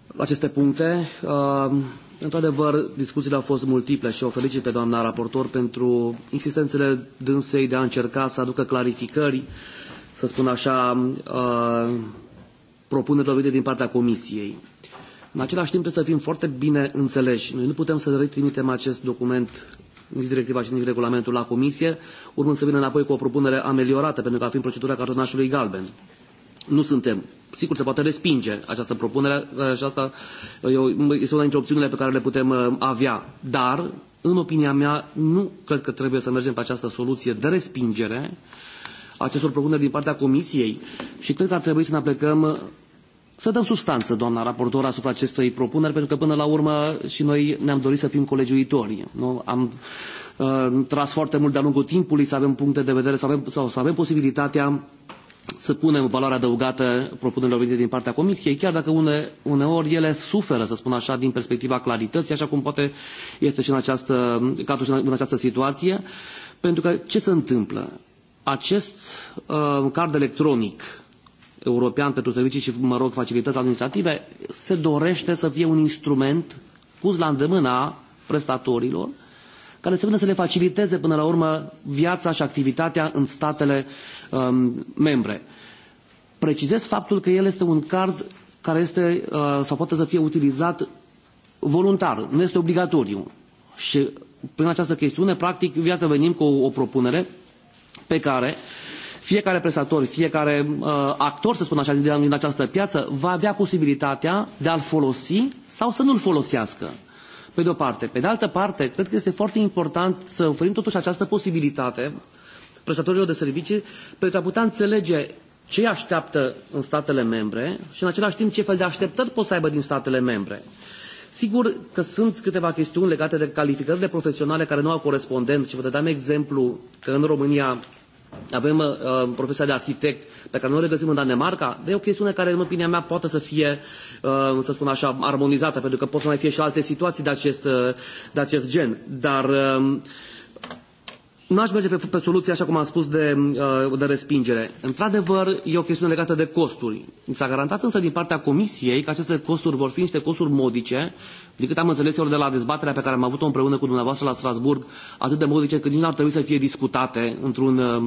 Speaker 3: la aceste puncte. Uh, Într-adevăr, discuțiile au fost multiple și o felicit pe doamna raportor pentru insistențele dânsei de a încerca să aducă clarificări uh, să spun așa, uh, propunerilor venite din partea Comisiei. În același timp trebuie să fim foarte bine înțeleși. Noi nu putem să retrimitem acest document nici directiva și nici regulamentul la Comisie, urmând să vină înapoi cu o propunere ameliorată, pentru că ar fi în procedura cartonașului galben. Nu suntem. Sigur, se poate respinge această propunere uh, și asta uh, este una dintre opțiunile pe care le putem avea. Dar, în opinia mea, nu cred că trebuie să mergem pe această soluție de respingere, acestor propuneri din partea Comisiei și cred că ar trebui să ne aplecăm să dăm substanță, doamna raportor, asupra acestei propuneri, pentru că până la urmă și noi ne-am dorit să fim colegiuitori. Nu? Am uh, tras foarte mult de-a lungul timpului să avem puncte de vedere să avem, sau să avem posibilitatea să punem valoare adăugată propunerilor venite din partea Comisiei, chiar dacă une, uneori ele suferă, să spun așa, din perspectiva clarității, așa cum poate este și în această, și în această situație, pentru că ce se întâmplă? Acest uh, card electronic european pentru servicii și, mă rog, facilități administrative se dorește să fie un instrument pus la îndemâna prestatorilor care să vină să le faciliteze până la urmă viața și activitatea în statele um, membre. Precizez faptul că el este un card care este uh, sau poate să fie utilizat voluntar, nu este obligatoriu. Și prin această chestiune, practic, iată, venim cu o, o propunere pe care fiecare prestator, fiecare uh, actor, să spun așa, din această piață, va avea posibilitatea de a-l folosi sau să nu-l folosească. Pe de o parte. Pe de altă parte, cred că este foarte important să oferim totuși această posibilitate prestatorilor de servicii pentru a putea înțelege ce îi așteaptă în statele membre și în același timp ce fel de așteptări pot să aibă din statele membre. Sigur că sunt câteva chestiuni legate de calificările profesionale care nu au corespondent și vă dădeam exemplu că în România avem uh, profesia de arhitect pe care nu o regăsim în Danemarca, e o chestiune care, în opinia mea, poate să fie, uh, să spun așa, armonizată, pentru că pot să mai fie și alte situații de acest, uh, de acest gen. Dar uh, nu aș merge pe, pe soluția, așa cum am spus, de, uh, de respingere. Într-adevăr, e o chestiune legată de costuri. S-a garantat însă din partea Comisiei că aceste costuri vor fi niște costuri modice, din câte am înțeles eu de la dezbaterea pe care am avut-o împreună cu dumneavoastră la Strasburg, atât de modice că nici nu ar trebui să fie discutate într-un uh,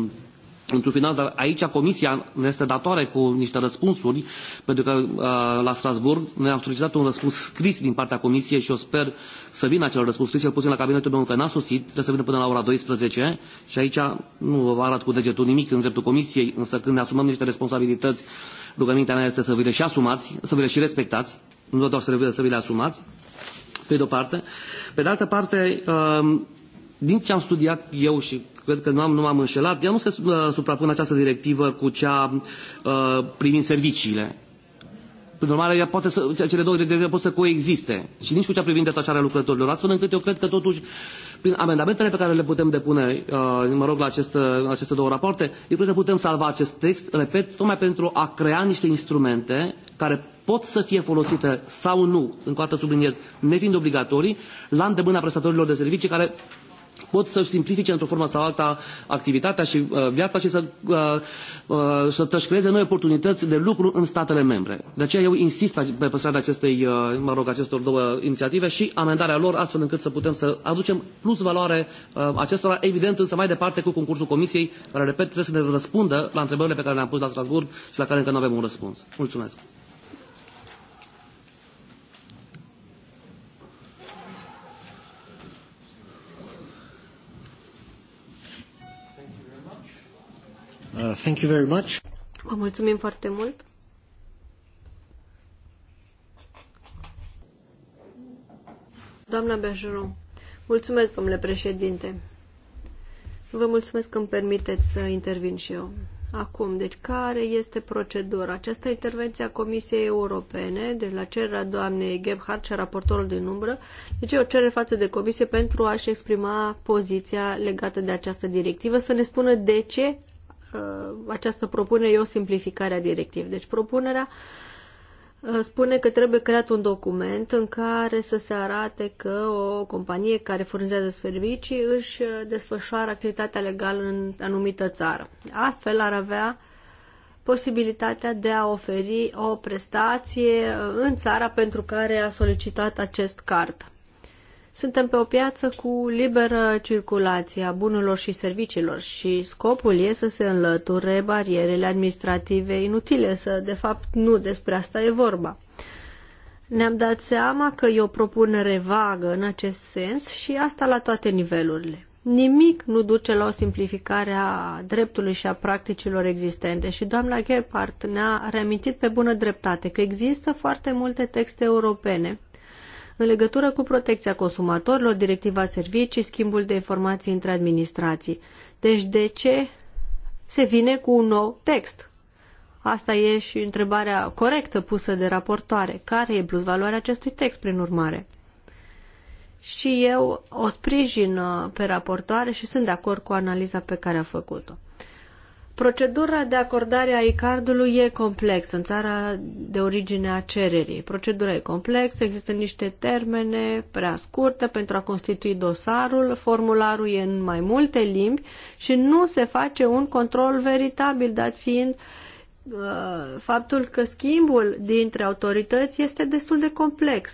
Speaker 3: într-un final, dar aici Comisia ne este datoare cu niște răspunsuri, pentru că uh, la Strasbourg ne-a solicitat un răspuns scris din partea Comisiei și eu sper să vină acel răspuns scris, cel puțin la cabinetul meu încă n-a sosit, trebuie să vină până la ora 12 și aici nu vă arăt cu degetul nimic în dreptul Comisiei, însă când ne asumăm niște responsabilități, rugămintea mea este să vi le și asumați, să vi le și respectați, nu doar să le, să vi le asumați, pe de-o parte. Pe de altă parte, uh, din ce am studiat eu și cred că nu, am, nu m-am înșelat, ea nu se uh, suprapune această directivă cu cea uh, privind serviciile. Prin urmare, ea poate să, cele două directive pot să coexiste și nici cu cea privind detașarea lucrătorilor, astfel încât eu cred că totuși, prin amendamentele pe care le putem depune, uh, mă rog, la aceste, aceste două rapoarte, eu cred că putem salva acest text, repet, tocmai pentru a crea niște instrumente care pot să fie folosite sau nu, încă o dată subliniez, nefiind obligatorii, la îndemâna prestatorilor de servicii care pot să-și simplifice într-o formă sau alta activitatea și uh, viața și să, uh, uh să își creeze noi oportunități de lucru în statele membre. De aceea eu insist pe, pe păstrarea acestei, uh, mă rog, acestor două inițiative și amendarea lor astfel încât să putem să aducem plus valoare uh, acestora, evident însă mai departe cu concursul Comisiei, care, repet, trebuie să ne răspundă la întrebările pe care le-am pus la Strasbourg și la care încă nu avem un răspuns. Mulțumesc!
Speaker 2: Uh, thank you very much. Vă mulțumim foarte mult. Doamna Bergeron, mulțumesc, domnule președinte. Vă mulțumesc că îmi permiteți să intervin și eu. Acum, deci care este procedura? Această intervenție a Comisiei Europene, deci la cererea doamnei Gebhardt și a raportorului din umbră, deci o cerere față de Comisie pentru a-și exprima poziția legată de această directivă, să ne spună de ce Uh, această propunere e o simplificare a directivei. Deci propunerea uh, spune că trebuie creat un document în care să se arate că o companie care furnizează servicii își uh, desfășoară activitatea legală în anumită țară. Astfel ar avea posibilitatea de a oferi o prestație în țara pentru care a solicitat acest card. Suntem pe o piață cu liberă circulație a bunurilor și serviciilor și scopul e să se înlăture barierele administrative inutile, să de fapt nu despre asta e vorba. Ne-am dat seama că e o propunere vagă în acest sens și asta la toate nivelurile. Nimic nu duce la o simplificare a dreptului și a practicilor existente și doamna Gephardt ne-a reamintit pe bună dreptate că există foarte multe texte europene în legătură cu protecția consumatorilor, directiva servicii, schimbul de informații între administrații. Deci de ce se vine cu un nou text? Asta e și întrebarea corectă pusă de raportoare. Care e plus valoarea acestui text, prin urmare? Și eu o sprijin uh, pe raportoare și sunt de acord cu analiza pe care a făcut-o. Procedura de acordare a icardului e complexă în țara de origine a cererii. Procedura e complexă, există niște termene prea scurte pentru a constitui dosarul, formularul e în mai multe limbi și nu se face un control veritabil, dat fiind uh, faptul că schimbul dintre autorități este destul de complex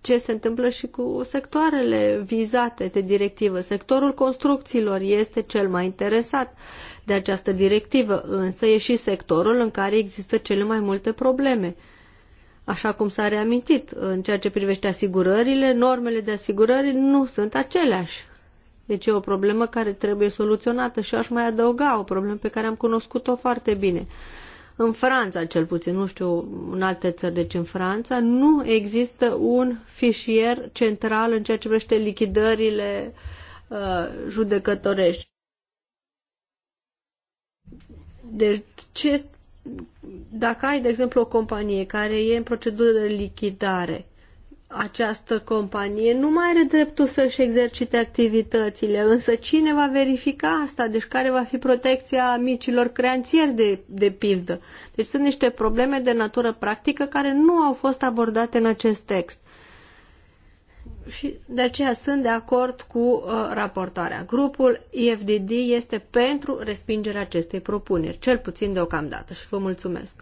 Speaker 2: ce se întâmplă și cu sectoarele vizate de directivă. Sectorul construcțiilor este cel mai interesat de această directivă, însă e și sectorul în care există cele mai multe probleme. Așa cum s-a reamintit, în ceea ce privește asigurările, normele de asigurări nu sunt aceleași. Deci e o problemă care trebuie soluționată și aș mai adăuga o problemă pe care am cunoscut-o foarte bine. În Franța, cel puțin, nu știu, în alte țări, deci în Franța, nu există un fișier central în ceea ce privește lichidările uh, judecătorești. Deci, ce, dacă ai, de exemplu, o companie care e în procedură de lichidare, această companie nu mai are dreptul să-și exercite activitățile, însă cine va verifica asta? Deci care va fi protecția micilor creanțieri de, de pildă? Deci sunt niște probleme de natură practică care nu au fost abordate în acest text și de aceea sunt de acord cu uh, raportarea. Grupul IFDD este pentru respingerea acestei propuneri, cel puțin deocamdată și vă mulțumesc.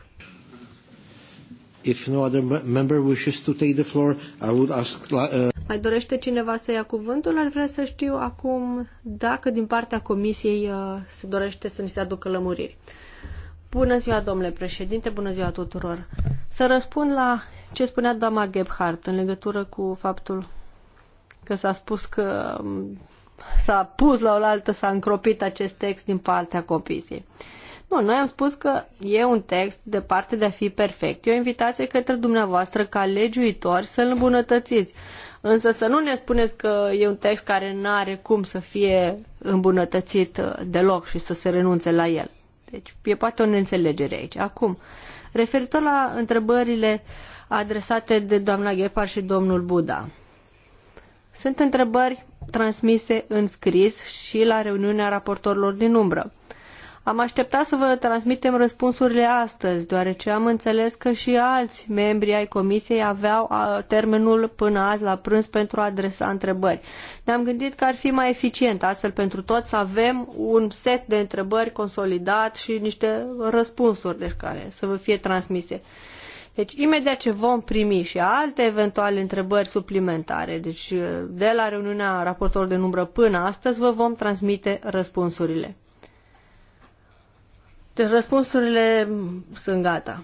Speaker 2: If no other member wishes to take the floor, I would ask, uh... Mai dorește cineva să ia cuvântul? Ar vrea să știu acum dacă din partea comisiei uh, se dorește să ni se aducă lămuriri. Bună ziua, domnule președinte, bună ziua tuturor. Să răspund la ce spunea doamna Gebhardt în legătură cu faptul că s-a spus că um, s-a pus la oaltă, s-a încropit acest text din partea comisiei. Nu, noi am spus că e un text departe de a fi perfect. E o invitație către dumneavoastră ca legiuitori să-l îmbunătățiți. Însă să nu ne spuneți că e un text care nu are cum să fie îmbunătățit uh, deloc și să se renunțe la el. Deci e poate o neînțelegere aici. Acum, referitor la întrebările adresate de doamna Ghepar și domnul Buda. Sunt întrebări transmise în scris și la reuniunea raportorilor din umbră. Am așteptat să vă transmitem răspunsurile astăzi, deoarece am înțeles că și alți membri ai comisiei aveau termenul până azi la prânz pentru a adresa întrebări. Ne-am gândit că ar fi mai eficient astfel pentru toți să avem un set de întrebări consolidat și niște răspunsuri deci, care să vă fie transmise. Deci, imediat ce vom primi și alte eventuale întrebări suplimentare, deci uh, de la reuniunea raportorilor de numbră până astăzi, vă vom transmite răspunsurile. Deci răspunsurile sunt gata.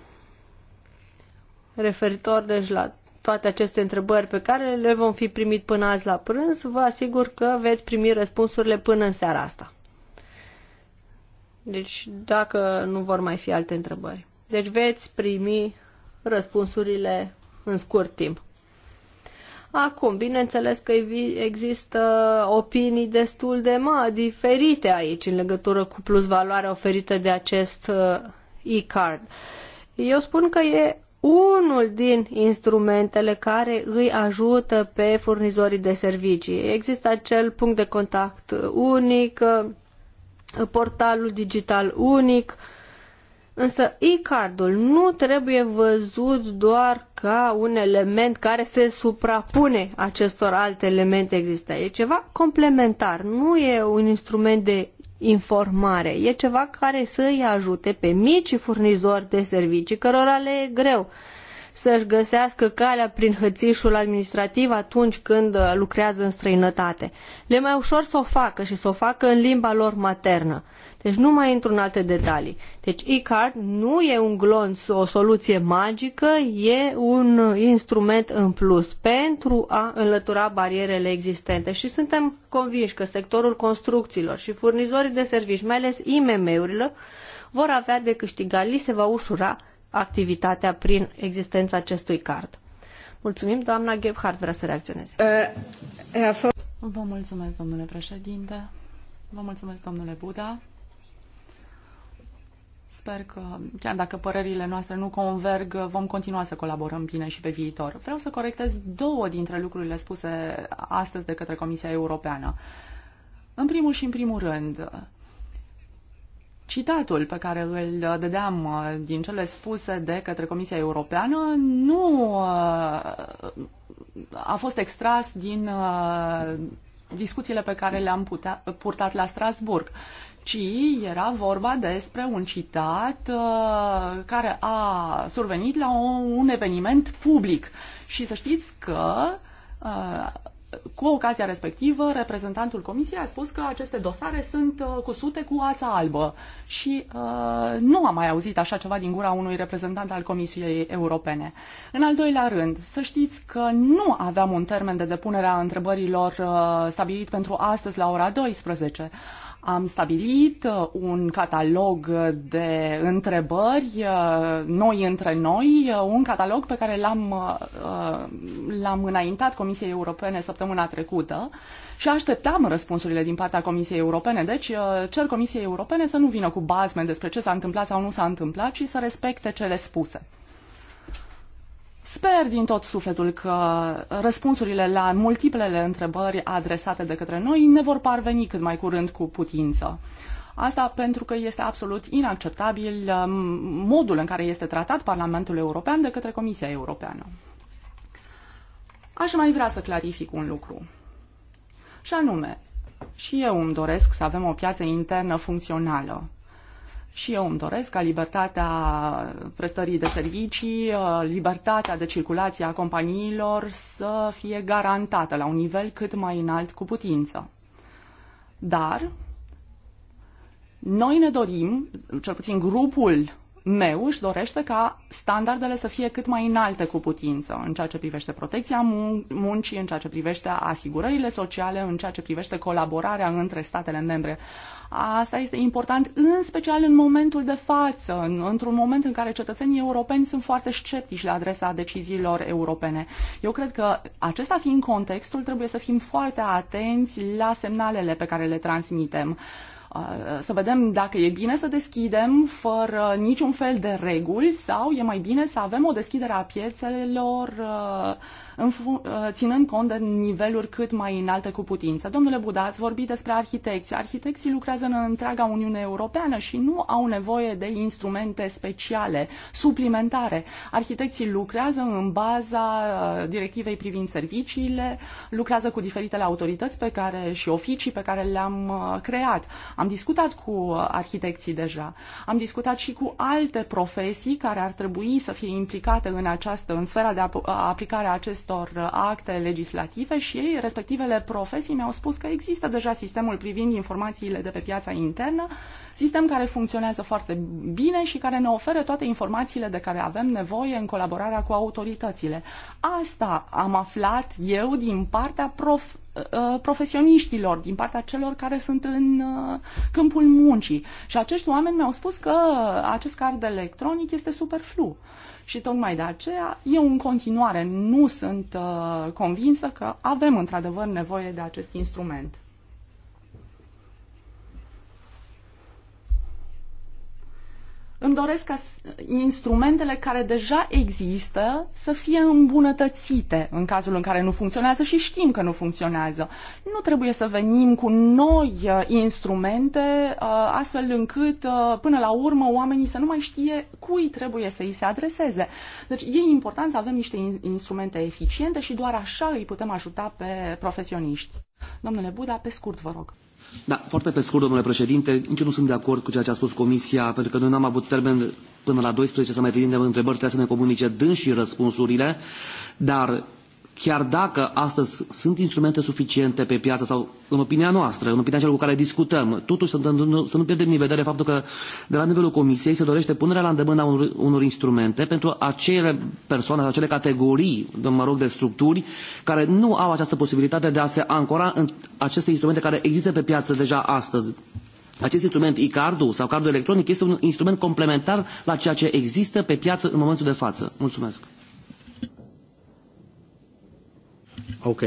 Speaker 2: Referitor deci la toate aceste întrebări pe care le vom fi primit până azi la prânz, vă asigur că veți primi răspunsurile până în seara asta. Deci dacă nu vor mai fi alte întrebări. Deci veți primi răspunsurile în scurt timp. Acum, bineînțeles că există opinii destul de mari, diferite aici în legătură cu plus valoarea oferită de acest uh, e-card. Eu spun că e unul din instrumentele care îi ajută pe furnizorii de servicii. Există acel punct de contact unic, uh, portalul digital unic, uh, Însă e-cardul nu trebuie văzut doar ca un element care se suprapune acestor alte elemente existente. E ceva complementar, nu e un instrument de informare, e ceva care să îi ajute pe micii furnizori de servicii, cărora le e greu să-și găsească calea prin hățișul administrativ atunci când uh, lucrează în străinătate. Le mai ușor să o facă și să o facă în limba lor maternă. Deci nu mai intru în alte detalii. Deci e-card nu e un glonț, o soluție magică, e un instrument în plus pentru a înlătura barierele existente și suntem convinși că sectorul construcțiilor și furnizorii de servici, mai ales imm urilor vor avea de câștigat, li se va ușura activitatea prin existența acestui card. Mulțumim, doamna Gebhardt vrea să reacționeze. Uh,
Speaker 1: Vă mulțumesc, domnule președinte. Vă mulțumesc, domnule Buda. Sper că, chiar dacă părerile noastre nu converg, vom continua să colaborăm bine și pe viitor. Vreau să corectez două dintre lucrurile spuse astăzi de către Comisia Europeană. În primul și în primul rând, Citatul pe care îl dădeam uh, din cele spuse de către Comisia Europeană nu uh, a fost extras din uh, discuțiile pe care le-am putea, purtat la Strasburg, ci era vorba despre un citat uh, care a survenit la o, un eveniment public. Și să știți că uh, cu ocazia respectivă, reprezentantul comisiei a spus că aceste dosare sunt uh, cusute cu ața albă și uh, nu am mai auzit așa ceva din gura unui reprezentant al Comisiei Europene. În al doilea rând, să știți că nu aveam un termen de depunere a întrebărilor uh, stabilit pentru astăzi la ora 12. Am stabilit uh, un catalog de întrebări uh, noi între noi, uh, un catalog pe care l-am, l-am înaintat Comisiei Europene săptămâna trecută și așteptam răspunsurile din partea Comisiei Europene. Deci cer Comisiei Europene să nu vină cu bazme despre ce s-a întâmplat sau nu s-a întâmplat, ci să respecte cele spuse. Sper din tot sufletul că răspunsurile la multiplele întrebări adresate de către noi ne vor parveni cât mai curând cu putință. Asta pentru că este absolut inacceptabil uh, modul în care este tratat Parlamentul European de către Comisia Europeană. Aș mai vrea să clarific un lucru. Și anume, și eu îmi doresc să avem o piață internă funcțională. Și eu îmi doresc ca libertatea prestării de servicii, uh, libertatea de circulație a companiilor să fie garantată la un nivel cât mai înalt cu putință. Dar noi ne dorim, cel puțin grupul meu își dorește ca standardele să fie cât mai înalte cu putință în ceea ce privește protecția mun- muncii, în ceea ce privește asigurările sociale, în ceea ce privește colaborarea între statele membre. Asta este important, în special în momentul de față, în, într-un moment în care cetățenii europeni sunt foarte sceptici la adresa deciziilor europene. Eu cred că acesta fiind contextul, trebuie să fim foarte atenți la semnalele pe care le transmitem să vedem dacă e bine să deschidem fără niciun fel de reguli sau e mai bine să avem o deschidere a piețelor în, uh, ținând cont de niveluri cât mai înalte cu putință. Domnule Buda, ați vorbit despre arhitecți. Arhitecții lucrează în întreaga Uniune Europeană și nu au nevoie de instrumente speciale, suplimentare. Arhitecții lucrează în baza uh, directivei privind serviciile, lucrează cu diferitele autorități pe care și oficii pe care le-am uh, creat. Am discutat cu arhitecții deja. Am discutat și cu alte profesii care ar trebui să fie implicate în această, în sfera de aplicare a acest acestor uh, acte legislative și ei, respectivele profesii mi-au spus că există deja sistemul privind informațiile de pe piața internă, sistem care funcționează foarte bine și care ne oferă toate informațiile de care avem nevoie în colaborarea cu autoritățile. Asta am aflat eu din partea prof Uh, profesioniștilor, din partea celor care sunt în uh, câmpul muncii. Și acești oameni mi-au spus că acest card electronic este superflu. Și tocmai de aceea eu în continuare nu sunt uh, convinsă că avem într-adevăr nevoie de acest instrument. Îmi doresc ca instrumentele care deja există să fie îmbunătățite în cazul în care nu funcționează și știm că nu funcționează. Nu trebuie să venim cu noi uh, instrumente uh, astfel încât uh, până la urmă oamenii să nu mai știe cui trebuie să îi se adreseze. Deci e important să avem niște instrumente eficiente și doar așa îi putem ajuta pe profesioniști. Domnule Buda, pe scurt vă rog.
Speaker 3: Da, foarte pe scurt, domnule președinte, nici nu sunt de acord cu ceea ce a spus Comisia, pentru că noi n-am avut termen până la 12 să mai primim întrebări, trebuie să ne comunice dâns și răspunsurile, dar chiar dacă astăzi sunt instrumente suficiente pe piață sau, în opinia noastră, în opinia celor cu care discutăm, totuși să nu, să nu pierdem din vedere faptul că de la nivelul Comisiei se dorește punerea la îndemână unor, unor instrumente pentru acele persoane sau acele categorii, mă rog, de structuri care nu au această posibilitate de a se ancora în aceste instrumente care există pe piață deja astăzi. Acest instrument, e-cardul sau cardul electronic, este un instrument complementar la ceea ce există pe piață în momentul de față. Mulțumesc!
Speaker 2: Ok.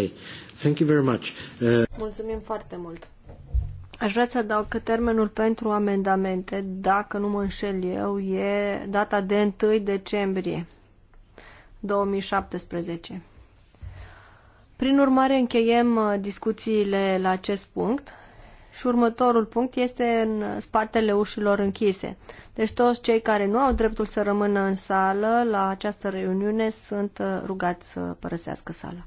Speaker 2: Thank you very much. Uh... Mulțumim foarte mult. Aș vrea să adaug că termenul pentru amendamente, dacă nu mă înșel eu, e data de 1 decembrie 2017. Prin urmare, încheiem uh, discuțiile la acest punct și următorul punct este în spatele ușilor închise. Deci toți cei care nu au dreptul să rămână în sală la această reuniune sunt uh, rugați să părăsească sala.